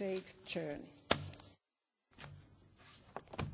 safe journey.